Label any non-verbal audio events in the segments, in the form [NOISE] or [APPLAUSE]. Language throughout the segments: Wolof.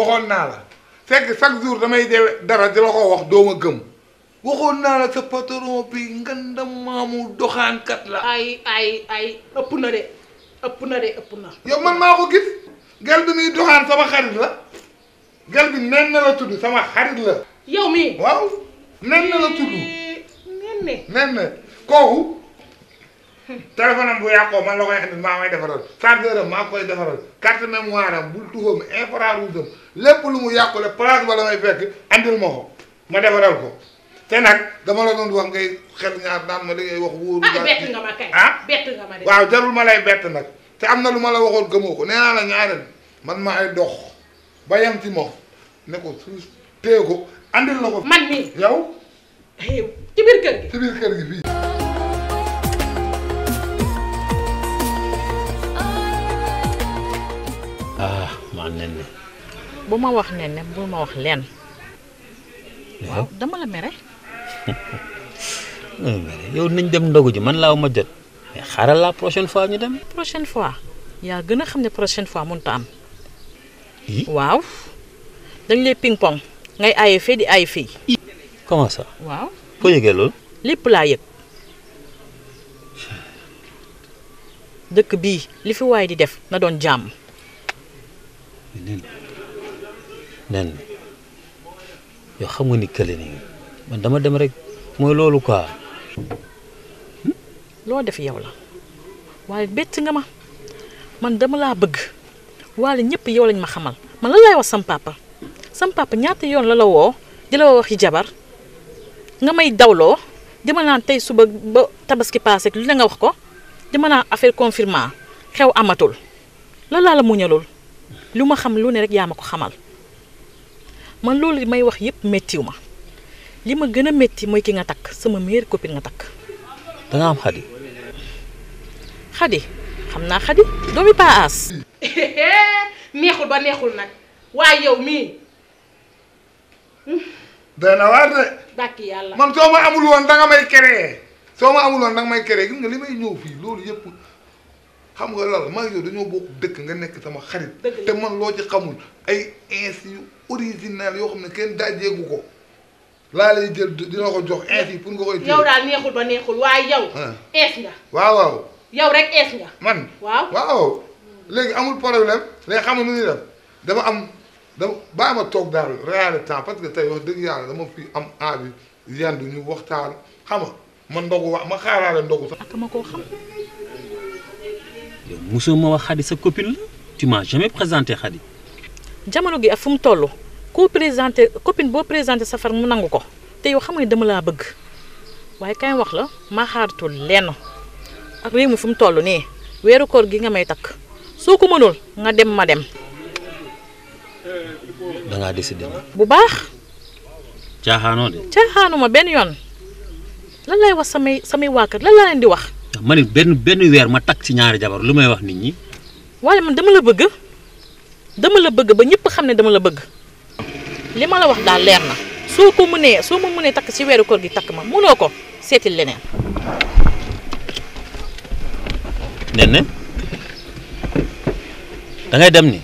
waxoon naa la fekk chaque jour damay de dara di la ko wax doo ma gëm waxoon naa la sa patron bi nganda maamu doxaankat la. ay ay ay ëpp na de ëpp na de ëpp na. yow man maa ko gis gel bi doxaan sama xarit la gel bi nen la tudd sama xarit la. yow mii waaw nen na la tudd. Eh, nen ne nen téléphone am bu yàqoo man la koy xam ne maa may defaral chargeur am maa koy defaral carte mémoire am bul tuxam infrarouge am lépp lu mu yàqule place ba la may fekk andil ma ko ma defaral ko te nag dama la doon wax ngay xel ñaar naan ma da ngay wax wóoru ah nga ma kay ah bett nga ma de waaw jarul ma lay bett nag te am na lu ma la waxoon gëmoo ko nee naa la ñaareel man ay dox ba yem ci moom ne ko su téye ko andil la ko man mii yow eh, ci biir kër gi ci biir kër gi nenne bu ma wax nenne bu ma wax leen waaw [LAUGHS] dama la mere yow nañ dem ndogu ji man laaw ma jot mais xaaral la prochaine fois ñu dem prochaine fois yaa gën a xam ne prochaine fois mun a am waaw dañ lay ping pong ngay aaye fee di aaye fii comment waaw foo yëgee loolu lépp laa yëg dëkk bii li fi waay di def na doon jàmm nen xam nga ni kële man dama dem rek mooy loolu quoi. loo def yow la waaye bett nga ma man dama laa bëgg waaye ñëpp yow lañ ma xamal man lan laay wax sam papa sam papa ñaata yoon la la woo di la waxi jabar nga may dawloo dama naan tey suba ba tabaski paase lu la nga wax ko dama naan affaire confirmant xew amatul lan laa la muñalul lu ma xam lu ne rek yaa ma ko xamal man loolu may wax yépp méttiw ma li ma gën a metti mooy ki nga takk sama meilleure copine nga takk. da am xadi. xadi xam naa xadi doomi Paa As. [LAUGHS] neexul ba neexul nag waaye yow mii. day na de. bàkki yàlla man soo ma amul woon danga may créé soo ma amul woon danga may créé gis nga li may ñëw fii loolu yëpp. xam nga lal maa dañoo bokk dëkk nga nekk sama xarit te man loo ci xamul ay ins yu original yoo xam ne kenn daajeegu ko laa lay jël dina ko jox ins yi pour nga koy yow daal neexul ba neexul waaye yow ah. ins nga waaw waaw yow rek ins nga man waaw waaw léegi amul problème léegi xam nga nu ñuy def dama am dama bàyyi ma toog daal réalité temps parce que tey wax dëgg yàlla dama fi am envie yendu ñu waxtaan xam nga ma ndogu wax ma xaaraale ndogu sax ak ma koo xam yow mosoo ma wax Khady sa copine la tu m'as présenté Khady. jamono gi ak fu mu toll koo présenté copine boo présenté sa mu nangu ko te yow xam nga dama laa bëgg waaye kay wax la maa xaaratul lenn ak réew mi fu mu toll nii weeru koor gi nga may takk soo ko mënul nga dem ma dem. da ngaa décidé bu baax. caaxaanoo de. ma benn yoon lan lay wax samay samay waa kër lan leen di wax. ma ne benn benn weer ma takk ci ñaari jabar lu may wax nit ñi. waaye man dama la bëgg dama la bëgg ba ñépp xam ne dama la bëgg li ma la wax daal leer na soo ko mënee soo ma mënee takk ci weeru koor gi takk ma mënoo ko seeti leneen. nee dangay dem ni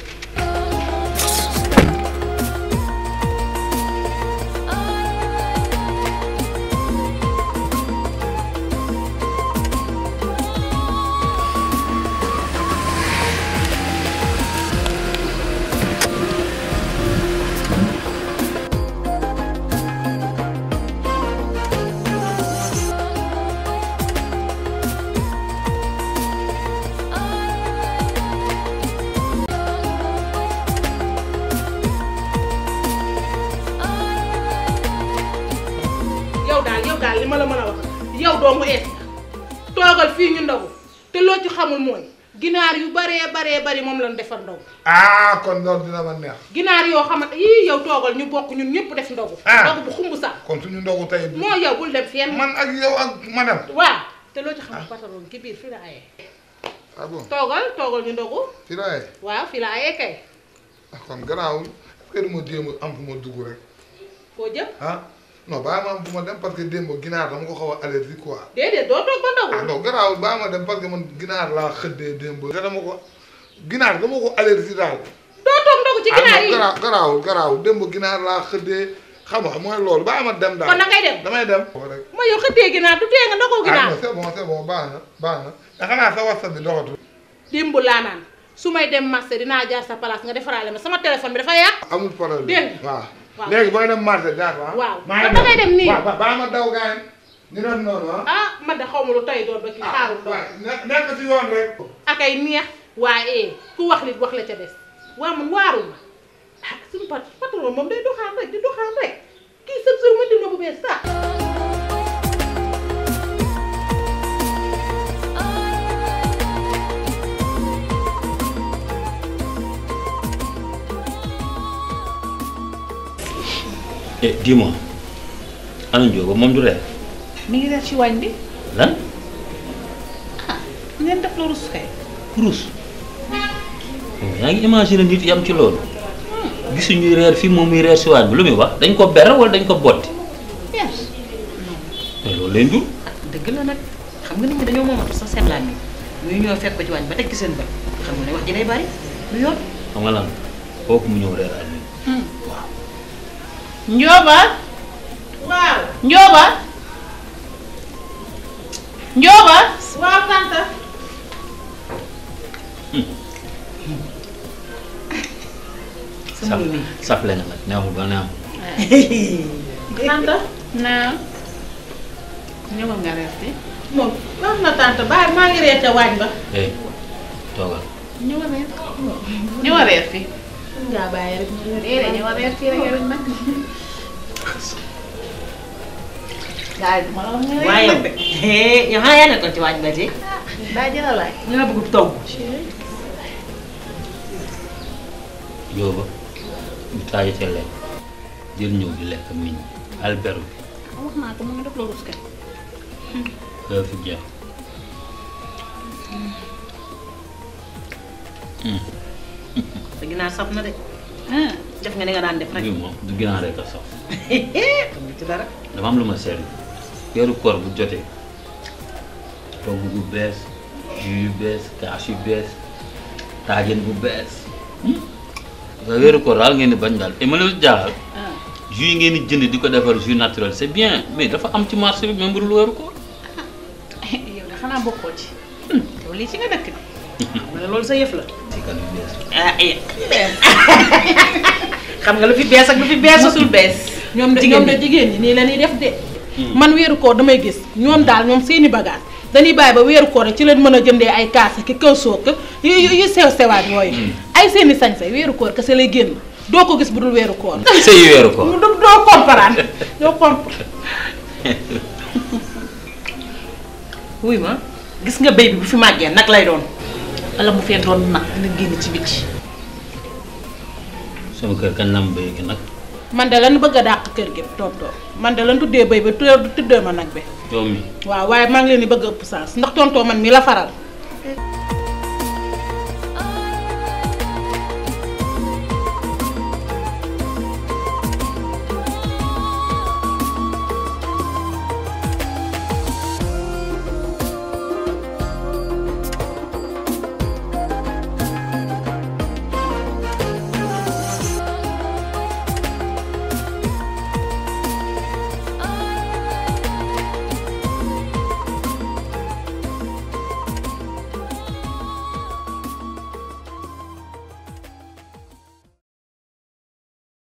boo mu toogal fii ñu ndogu te loo ci xamul mooy ginaar yu baree baree bari moom lañ defar ndogu. ah kon loolu dina ma ginaar yoo xamante yii yow ñu bokk ñun ñëpp def ndogu. Ah. ndogu sax. kon suñu ndogu tey. moo yow man ak yow ak madame. waaw te loo ci xamul ah. patron ci ah, toogal toogal ñu ndogu. fii la ayee. waaw kay. kon garaawul est-ce que du am fu ma dugg rek. koo jëm non bàyyi ma dem parce que démb ginaar dama ko xaw a allergie quoi. déedéet doo toog ba ndaw. Ah non garaawul bàyyi ma dem parce ginaar laa xëddee ko ginaar dama ko allergie daal. doo toog ndogu ci ah ginaar yi ah non démb ginaar laa xëddee xam nga mooy loolu bàyyi ma dem daal. kon dangay dem damay dem. ma yow xëddee ginaar du tee nga ndogoo ah ginaar. ah non c'est bon c'est bon baax na baax na da sa bi doxatul. démb laa naan su may dem marché dinaa jaar sa place nga defaraale ma sama téléphone bi dafa yàq. amul problème waaw léegi booy dem marché jaar fa waaw maa da ngay dem nii ba ma daw gaayam ñu doon noonu ah. ah man de xaw ma lu tey doon ba kii ah, xaarul doon nekk ci yoon rek ay neex waaye eh, ku wax nit wax la ca des waa man waarul ma ah suñu patron moom day doxaan rek di doxaan rek kii sëb sëb ma dina bu bees sax et eh, dis-moi ana Ndiobo moom du reer. mi ngi reer ci waañ bi. lan. ah ngeen def la rus kay. rus. yaa ngi imaginer nit yam ci loolu. gisuñuy reer fii moom muy reer si waañ bi lu muy wax dañ ko ber wala dañ ko botti. ber. mais eh, loolu lay jur. Ah, dëgg la nag xam nga nit ñi dañoo moomatu sax seen laaj bi ñu ñëw fekk ko ci waañ ba teg ci seen bët xam nga ne wax ji day bari lu yoon. xam nga lan kooku mu ñëw reer ak hmm. Njóoba. waaw Njóoba. Njóoba. waaw tante. saf leen nag neexul ba neexul. [LAUGHS] tante. nga reer te. moom wax na tante baal maa ngi reer ca waañ ba. eh toogal. ñëwal reer ñëwal reer mën ngaa bàyyi rek ñu ne ma reer fii rek nag. gaa yi ma la wax ne. waaye ci waaj ba tey. daa jëla laaj. ñu la bëgg togg. yow ba ñu jël ñëw di lekk miñ albert bi. wax naa ko moom daf la rus kay. loolu fi jeex. sa ginaar saf na de. def ah. nga ni nga daan def rek. moom du ginaar rek a saf. [LAUGHS] xam ci dara. dafa am lu ma seetlu weeru koor bu jotee togg bu bees jus yu bees kaas yu bees taajin bu bees. waaw hmm? weeru koor daal ngeen di bañ daal te ma leen jaaxal. Ah. jus ngeen di jënd di ko defar jus naturel c'est bien mais dafa am ci marché bi même bu dul weeru koor. [LAUGHS] yow de xanaa bokkoo ci. Hmm. yow lii ci nga dëkk. xam loolu sa yëf la. ah eh. [LAUGHS] xam nga lu fi bees ak lu fi bees. mosul bees. ñoom de ñoom de jigéen ñi nii la ñuy def de. Hmm. man weeru koor damay gis ñoom daal ñoom seeni bagage dañuy bàyyi ba weeru koor ci leen mën a jëndee ay kaas ki kaw soog yu yu sew sewaat yooyu. Hmm. ay seeni sañse weeru koor kese lay génn doo ko gis bu dul weeru koor. [LAUGHS] sëy yu weeru koor [LAUGHS] doo doo comprendre doo comprendre. wuy ma gis nga béy bi bu fi màggee nag lay doon. wala mu fee doon nag dina génn ci biti. sama kër kañ la am béy gi nag. man de lan bëgg dàq kër gi tonton man de lan tuddee béy ba tuddee ma nag bi. yow waaw waaye maa ngi leen di bëgg a ëpp saas ndax tontoo man mi la faral.